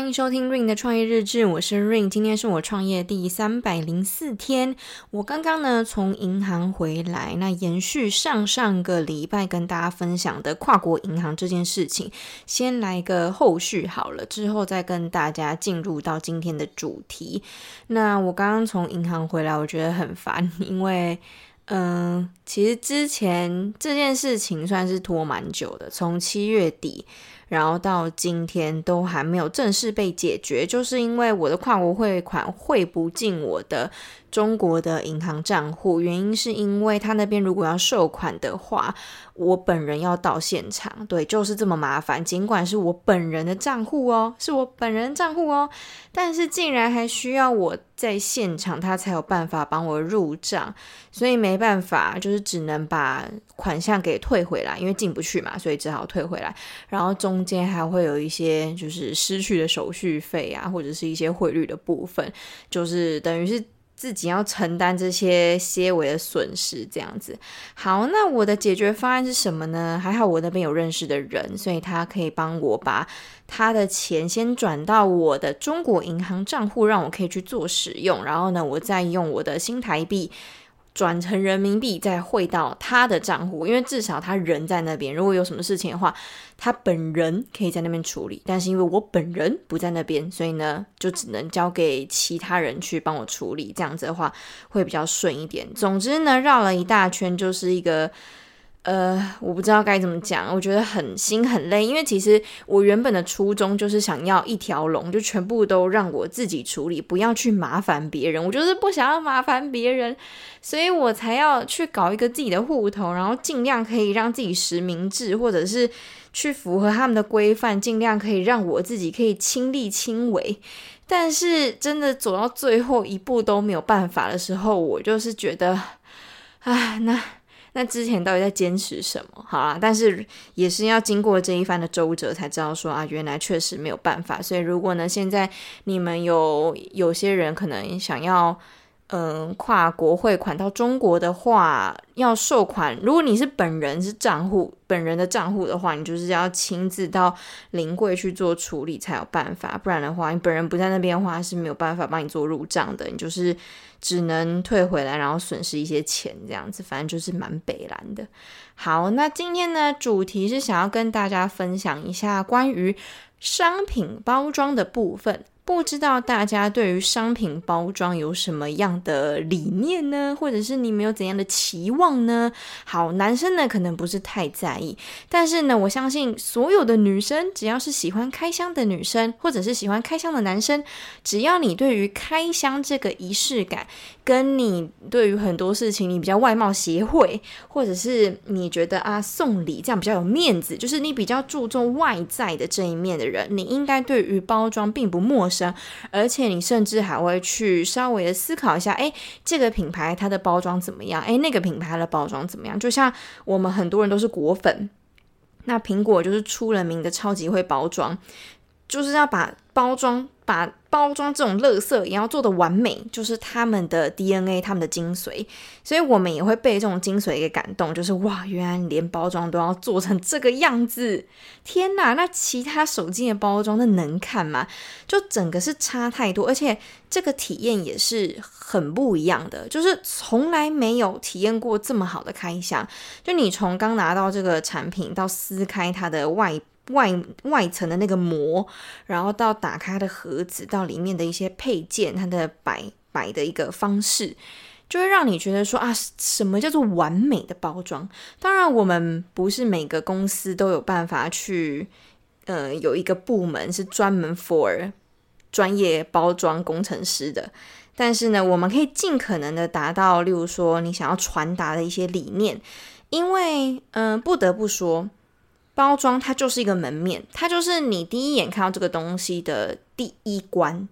歡迎收聽 Ring 的創業日誌，我是 Ring，今天是我創業第三百零四天。我剛剛呢從銀行回來，那延續上上個禮拜跟大家分享的跨國銀行這件事情，先來個後續好了，之後再跟大家進入到今天的主題。那我剛剛從銀行回來，我覺得很煩，因為嗯、呃，其實之前這件事情算是拖蠻久的，從七月底。然後到今天都還沒有正式被解決，就是因為我的跨國匯款匯不進我的中國的銀行賬戶，原因是因為他那邊如果要收款的話，我本人要到現場，對，就是這麼麻煩。儘管是我本人的賬戶哦，是我本人的賬戶哦，但是竟然還需要我，在現場，他才有辦法幫我入賬，所以沒辦法，就是只能把款項給退回來，因為進不去嘛，所以只好退回來。然後中間還會有一些就是失去的手續費啊，或者是一些匯率的部分，就是等於是。自己要承擔這些些微的損失，這樣子。好，那我的解決方案是什麼呢？還好我那邊有認識的人，所以他可以幫我把他的錢先轉到我的中國銀行賬戶，讓我可以去做使用。然後呢，我再用我的新台幣。轉成人民幣再匯到他的賬戶，因為至少他人在那邊，如果有什麼事情的話，他本人可以在那邊處理。但是因為我本人不在那邊，所以呢，就只能交給其他人去幫我處理。這樣子的話會比較順一點。總之呢，繞了一大圈，就是一個。呃，我不知道該怎麼講，我覺得很心很累，因為其實我原本的初衷就是想要一條龍，就全部都讓我自己處理，不要去麻煩別人。我就是不想要麻煩別人，所以我才要去搞一個自己的戶頭，然後盡量可以讓自己實名制，或者是去符合他們的規範，盡量可以讓我自己可以親力親為。但是真的走到最後一步都沒有辦法的時候，我就是覺得，啊，那。那之前到底在堅持什麼？好啦，啊，但是也是要經過這一番的周折，才知道說啊，原來確實沒有辦法。所以如果呢，現在你們有有些人可能想要。嗯，跨國匯款到中國的話，要收款。如果你是本人是賬戶本人的賬戶的話，你就是要親自到臨櫃去做處理才有辦法。不然的話，你本人不在那邊的話是沒有辦法幫你做入賬的。你就是只能退回來，然後損失一些錢這樣子。反正就是蠻北爛的。好，那今天呢，主題是想要跟大家分享一下關於商品包裝的部分。不知道大家對於商品包裝有什麼樣的理念呢？或者是你們有怎樣的期望呢？好，男生呢可能不是太在意，但是呢，我相信所有的女生，只要是喜歡開箱的女生，或者是喜歡開箱的男生，只要你對於開箱這個儀式感，跟你對於很多事情你比較外貌協會，或者是你覺得啊送禮這樣比較有面子，就是你比較注重外在的這一面的人，你應該對於包裝並不陌生。而且你甚至還會去稍微的思考一下，哎，這個品牌它的包裝怎麼樣？哎，那個品牌的包裝怎麼樣？就像我們很多人都是果粉，那蘋果就是出了名的超級會包裝。就是要把包裝、把包裝這種垃圾，也要做得完美，就是他們的 DNA、他們的精髓，所以我們也會被這種精髓給感動。就是哇，原來連包裝都要做成這個樣子！天哪，那其他手機的包裝那能看嗎？就整個是差太多，而且這個體驗也是很不一樣的。就是從來沒有體驗過這麼好的開箱，就你從剛拿到這個產品到撕開它的外。外外層的那個膜，然後到打開的盒子，到裡面的一些配件，它的擺擺的一個方式，就會讓你覺得說啊，什麼叫做完美的包裝？當然，我們不是每個公司都有辦法去，呃，有一個部門是專門 for 專業包裝工程師的，但是呢，我們可以盡可能的達到，例如說你想要傳達的一些理念，因為，嗯、呃，不得不說。包裝它就是一個門面，它就是你第一眼看到這個東西的第一關，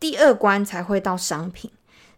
第二關才會到商品。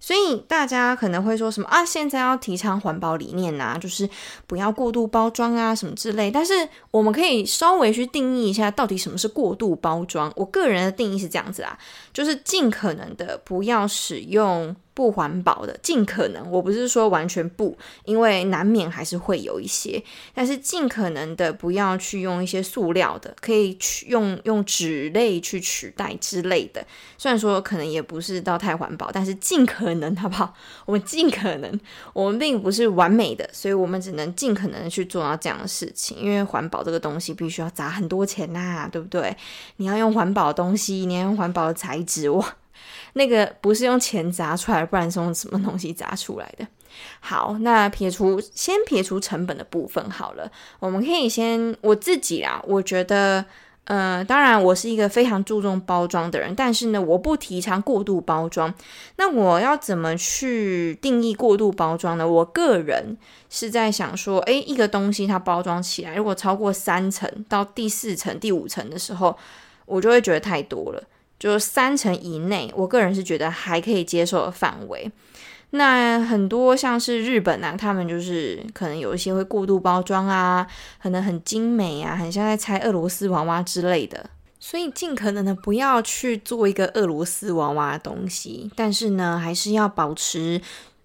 所以大家可能會說什麼啊，現在要提倡環保理念啊，就是不要過度包裝啊，什麼之類。但是我們可以稍微去定義一下，到底什麼是過度包裝？我個人的定義是這樣子啊，就是盡可能的不要使用，不環保的，盡可能。我不是說完全不，因為難免還是會有一些，但是盡可能的不要去用一些塑料的，可以用用紙類去取代之類的。雖然說可能也不是到太環保，但是盡可能好不好？我們盡可能，我們並不是完美的，所以我們只能盡可能去做到這樣的事情。因為環保這個東西必須要砸很多錢吶，對不對？你要用環保的東西，你要用環保的材質哇。那個不是用錢砸出來，不然是用什麼東西砸出來的？好，那撇除，先撇除成本的部分好了，我們可以先，我自己啊，我覺得，呃，當然我是一個非常注重包裝的人，但是呢，我不提倡過度包裝。那我要怎麼去定義過度包裝呢？我個人是在想說，哎，一個東西它包裝起來，如果超過三層到第四層、第五層的時候，我就會覺得太多了。就是三成以內，我個人是覺得還可以接受的範圍。那很多像是日本呢、啊，他們就是可能有一些會過度包裝啊，可能很精美啊，很像在拆俄羅斯娃娃之類的。所以盡可能的不要去做一個俄羅斯娃娃的東西，但是呢，還是要保持。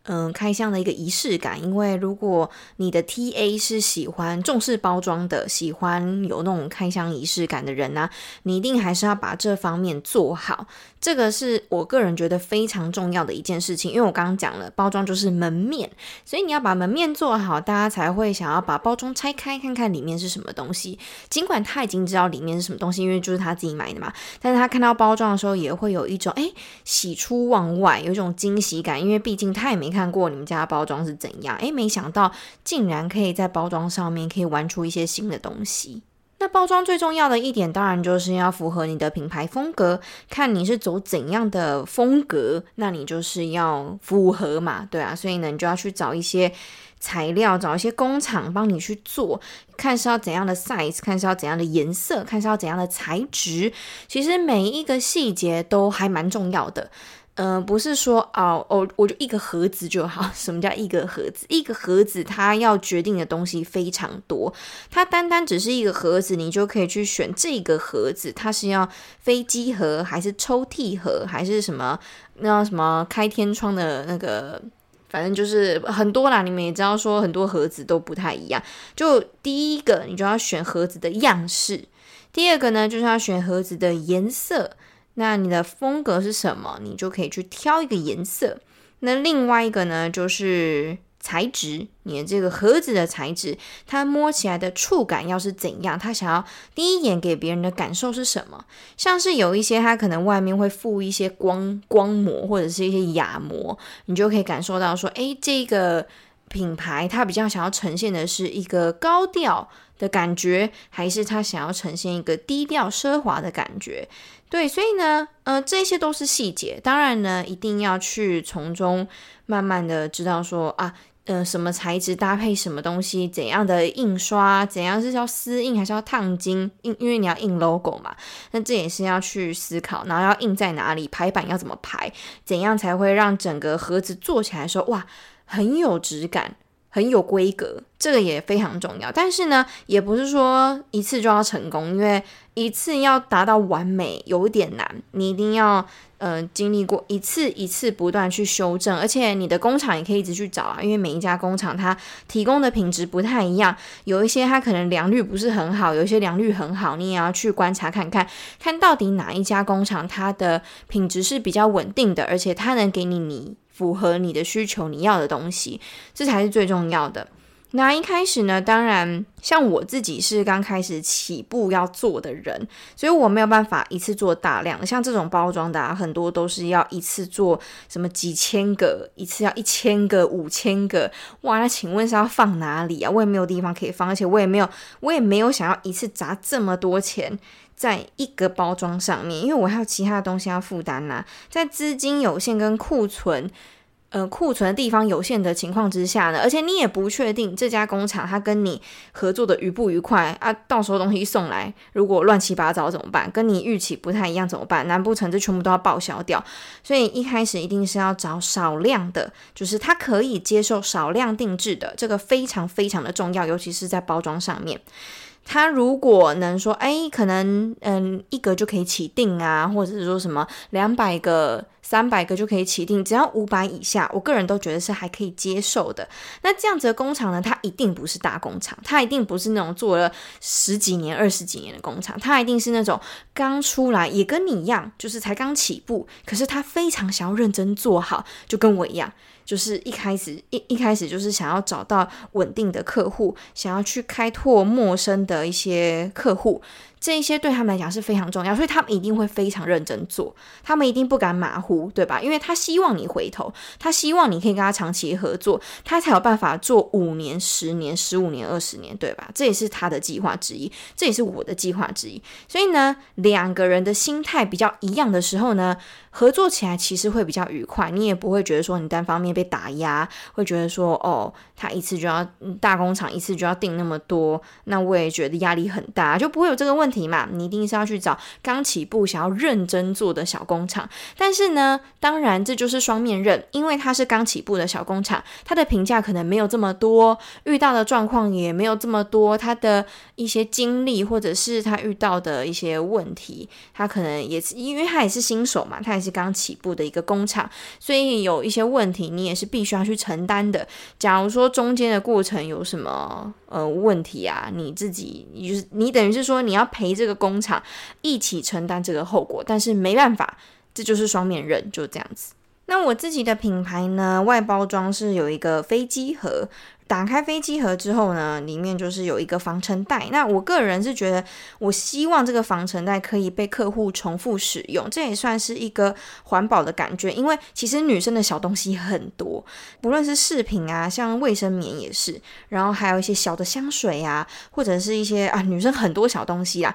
嗯，開箱的一個儀式感，因為如果你的 TA 是喜歡重視包裝的，喜歡有那種開箱儀式感的人啊，你一定還是要把這方面做好。這個是我個人覺得非常重要的一件事情，因為我剛剛講了，包裝就是門面，所以你要把門面做好，大家才會想要把包裝拆開看看裡面是什麼東西。儘管他已經知道裡面是什麼東西，因為就是他自己買的嘛，但是他看到包裝的時候，也會有一種哎，喜出望外，有一種驚喜感，因為畢竟他也沒看過你們家的包裝是怎樣，哎，沒想到竟然可以在包裝上面可以玩出一些新的東西。那包裝最重要的一點，當然就是要符合你的品牌風格。看你是走怎樣的風格，那你就是要符合嘛，對啊。所以呢，你就要去找一些材料，找一些工廠幫你去做。看是要怎樣的 size，看是要怎樣的顏色，看是要怎樣的材質。其實每一個細節都還蠻重要的。嗯、呃，不是說哦哦，我就一個盒子就好。什麼叫一個盒子？一個盒子，它要決定的東西非常多。它單單只是一個盒子，你就可以去選這個盒子，它是要飛機盒還是抽屜盒，還是什麼那什麼開天窗的那個，反正就是很多啦。你們也知道，說很多盒子都不太一樣。就第一個，你就要選盒子的樣式；第二個呢，就是要選盒子的顏色。那你的風格是什麼？你就可以去挑一個顏色。那另外一個呢，就是材質。你的這個盒子的材質，它摸起來的觸感要是怎樣？它想要第一眼給別人的感受是什麼？像是有一些，它可能外面會附一些光光膜或者是一些啞膜，你就可以感受到說，哎，這個品牌它比較想要呈現的是一個高調的感覺，還是它想要呈現一個低調奢華的感覺？對，所以呢，呃，這些都是細節，當然呢，一定要去從中慢慢的知道說啊，呃，什麼材質搭配什麼東西，怎樣的印刷，怎樣是要絲印還是要燙金印，因為你要印 logo 嘛，那這也是要去思考，然後要印在哪裡，排版要怎麼排，怎樣才會讓整個盒子做起來說哇，很有質感，很有規格，這個也非常重要。但是呢，也不是說一次就要成功，因為。一次要達到完美有點難，你一定要呃經歷過一次一次不斷去修正，而且你的工廠也可以一直去找啊，因為每一家工廠它提供的品質不太一樣，有一些它可能良率不是很好，有一些良率很好，你也要去觀察看看，看到底哪一家工廠它的品質是比較穩定的，而且它能給你你符合你的需求你要的東西，這才是最重要的。那一開始呢？當然，像我自己是剛開始起步要做的人，所以我沒有辦法一次做大量。像這種包裝的啊，很多都是要一次做什麼幾千個，一次要一千個、五千個。哇，那請問是要放哪裡啊？我也沒有地方可以放，而且我也沒有，我也沒有想要一次砸這麼多錢在一個包裝上面，因為我還有其他東西要負擔啦，在資金有限跟庫存。呃，庫存的地方有限的情況之下呢，而且你也不確定這家工廠它，跟你合作的愉不愉快啊，到時候東西一送來，如果亂七八糟怎麼辦？跟你預期不太一樣怎麼辦？難不成這全部都要報銷掉？所以一開始一定是要找少量的，就是它可以接受少量定製的，這個非常非常的重要，尤其是在包裝上面。他如果能說，哎，可能，嗯，一個就可以起訂啊，或者是說什麼兩百個、三百個就可以起訂，只要五百以下，我個人都覺得是還可以接受的。那這樣子的工廠呢，它一定不是大工廠，它一定不是那種做了十幾年、二十幾年的工廠，它一定是那種剛出來也跟你一樣，就是才剛起步，可是他非常想要認真做好，就跟我一樣。就是一開始一一開始就是想要找到穩定的客戶，想要去開拓陌生的一些客戶，這一些對他們來講是非常重要，所以他們一定會非常認真做，他們一定不敢馬虎，對吧？因為他希望你回頭，他希望你可以跟他長期合作，他才有辦法做五年、十年、十五年、二十年，對吧？這也是他的計劃之一，這也是我的計劃之一。所以呢，兩個人的心態比較一樣的時候呢，合作起來其實會比較愉快，你也不會覺得說你單方面。.被打壓，會覺得說，哦。他一次就要，大工廠一次就要訂那麼多，那我也覺得壓力很大，就不會有這個問題嘛。你一定是要去找剛起步想要認真做的小工廠，但是呢，當然這就是雙面刃，因為它是剛起步的小工廠，它的評價可能沒有這麼多，遇到的狀況也沒有這麼多，他的一些經歷或者是他遇到的一些問題，他可能也是因為他也是新手嘛，他也是剛起步的一個工廠，所以有一些問題你也是必須要去承擔的。假如說。中間的過程有什麼呃問題啊？你自己，你就是你等於是說，你要陪這個工廠一起承擔這個後果，但是沒辦法，這就是雙面刃，就這樣子。那我自己的品牌呢，外包裝是有一個飛機盒，打開飛機盒之後呢，裡面就是有一個防塵袋。那我個人是覺得，我希望這個防塵袋可以被客戶重複使用，這也算是一個環保的感覺。因為其實女生的小東西很多，不論是飾品啊，像衛生棉也是，然後還有一些小的香水啊，或者是一些啊，女生很多小東西啊。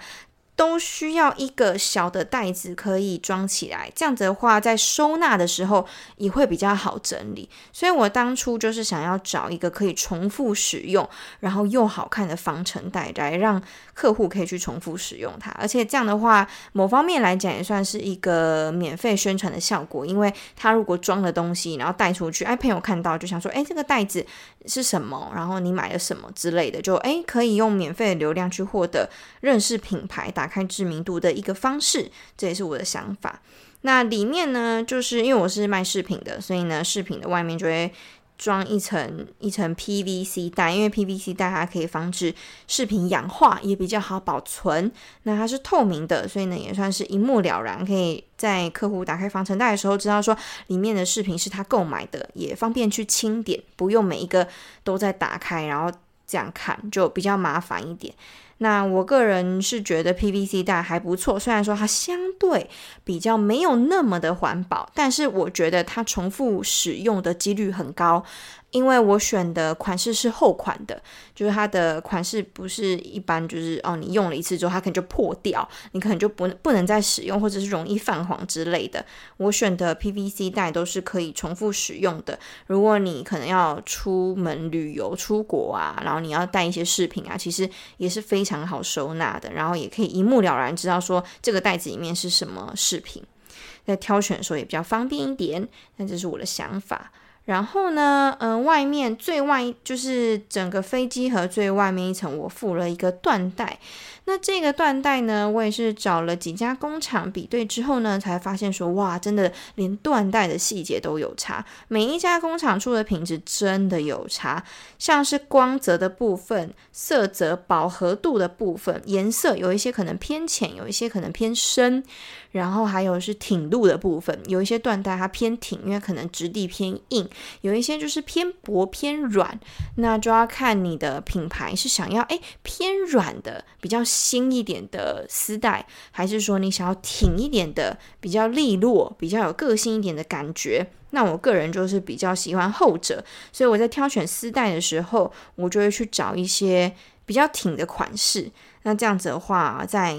都需要一個小的袋子可以裝起來，這樣子的話，在收納的時候也會比較好整理。所以我當初就是想要找一個可以重複使用，然後又好看的防塵袋，來讓客戶可以去重複使用它。而且這樣的話，某方面來講也算是一個免費宣傳的效果。因為他如果裝了東西，然後帶出去，哎、啊，朋友看到就想說，哎、欸，這個袋子是什麼？然後你買了什麼之類的，就哎、欸，可以用免費的流量去獲得認識品牌打開知名度的一個方式，這也是我的想法。那裡面呢，就是因為我是賣飾品的，所以呢，飾品的外面就會裝一層一層 PVC 袋，因為 PVC 袋它可以防止飾品氧化，也比較好保存。那它是透明的，所以呢，也算是一目了然，可以在客戶打開防塵袋的時候，知道說裡面的飾品是他購買的，也方便去清點，不用每一個都在打開，然後這樣看就比較麻煩一點。那我個人是覺得 PVC 袋還不錯，雖然說它相對比較沒有那麼的環保，但是我覺得它重複使用的幾率很高。因為我選的款式是厚款的，就是它的款式不是一般，就是哦，你用了一次之後它可能就破掉，你可能就不不能再使用，或者是容易泛黃之類的。我選的 PVC 袋都是可以重複使用的。如果你可能要出門旅遊、出國啊，然後你要帶一些飾品啊，其實也是非常好收納的，然後也可以一目了然知道說這個袋子裡面是什麼飾品，在挑選的時候也比較方便一點。那這是我的想法。然後呢，嗯、呃，外面最外就是整個飛機盒最外面一層，我附了一個緞帶。那這個緞帶呢，我也是找了幾家工廠比對之後呢，才發現說，哇，真的連緞帶的細節都有差，每一家工廠出的品質真的有差。像是光澤的部分、色澤飽和度的部分、顏色有一些可能偏淺，有一些可能偏深，然後還有是挺度的部分，有一些緞帶它偏挺，因為可能質地偏硬。有一些就是偏薄偏軟，那就要看你的品牌是想要誒、欸、偏軟的比較新一點的絲帶，還是說你想要挺一點的比較利落、比較有個性一點的感覺？那我個人就是比較喜歡後者，所以我在挑選絲帶的時候，我就會去找一些比較挺的款式。那這樣子的話、啊，在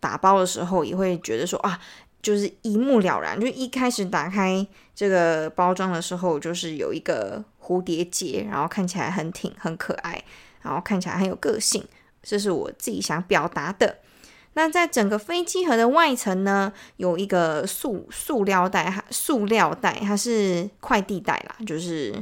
打包的時候也會覺得說啊。就是一目了然，就一開始打開這個包裝的時候，就是有一個蝴蝶結，然後看起來很挺，很可愛，然後看起來很有個性，這是我自己想表達的。那在整個飛機盒的外層呢，有一個塑塑料袋，塑料袋，它是快遞袋啦，就是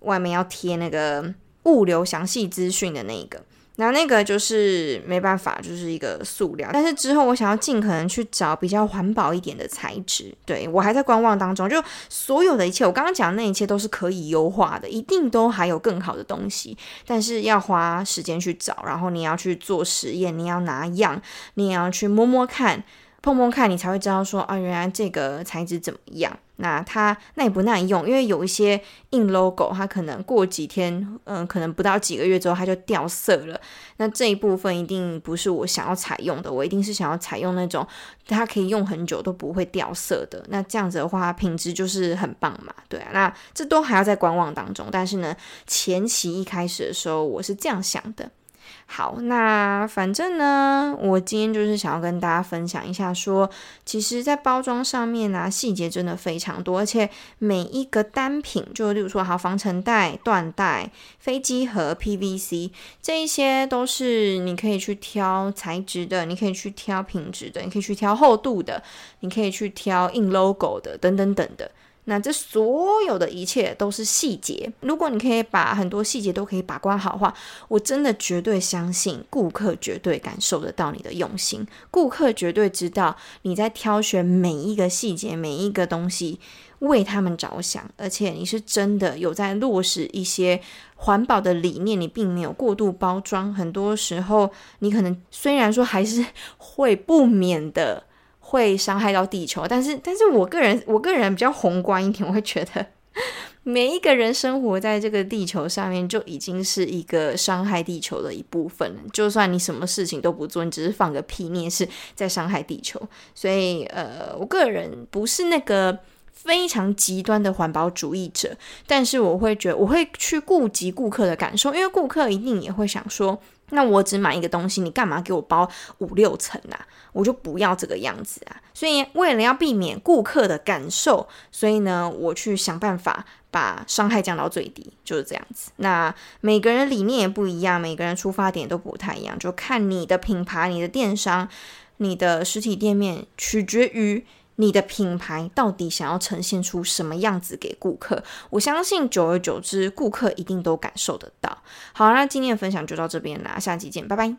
外面要貼那個物流詳細資訊的那一個。那那個就是沒辦法，就是一個塑料。但是之後我想要盡可能去找比較環保一點的材質，對，我還在觀望當中。就所有的一切，我剛剛講的那一切都是可以優化的，一定都還有更好的東西，但是要花時間去找，然後你要去做實驗，你要拿樣，你也要去摸摸看。碰碰看，你才會知道說啊，原來這個材質怎麼樣？那它耐不耐用？因為有一些印 logo，它可能過幾天，嗯，可能不到幾個月之後，它就掉色了。那這一部分一定不是我想要採用的。我一定是想要採用那種它可以用很久都不會掉色的。那這樣子的話，品質就是很棒嘛。對啊，那這都還要在觀望當中。但是呢，前期一開始的時候，我是這樣想的。好，那反正呢，我今天就是想要跟大家分享一下說，說其實，在包裝上面呢、啊，細節真的非常多，而且每一個單品，就例如說，好，防塵袋、緞帶、飛機盒、PVC，這一些都是你可以去挑材質的，你可以去挑品質的，你可以去挑厚度的，你可以去挑印 logo 的，等等等，等的。那這所有的一切都是細節，如果你可以把很多細節都可以把關好的話，我真的絕對相信顧客絕對感受得到你的用心，顧客絕對知道你在挑選每一個細節，每一個東西為他們着想，而且你是真的有在落實一些環保的理念，你並沒有過度包裝，很多時候你可能雖然說還是會不免的。會傷害到地球，但是，但是我個人，我個人比較宏觀一點，我會覺得每一個人生活在這個地球上面就已經是一個傷害地球的一部分了。就算你什麼事情都不做，你只是放個屁，你也是在傷害地球。所以，呃，我個人不是那個。非常極端的環保主義者，但是我會覺得我會去顧及顧客的感受，因為顧客一定也會想說，那我只買一個東西，你幹嘛給我包五六層啊？我就不要這個樣子啊！所以為了要避免顧客的感受，所以呢，我去想辦法把傷害降到最低，就是這樣子。那每個人理念也不一樣，每個人出發點都不太一樣，就看你的品牌、你的電商、你的實體店面，取決於。你的品牌到底想要呈現出什麼樣子給顧客？我相信，久而久之，顧客一定都感受得到。好，那今天的分享就到這邊啦，下期見，拜拜。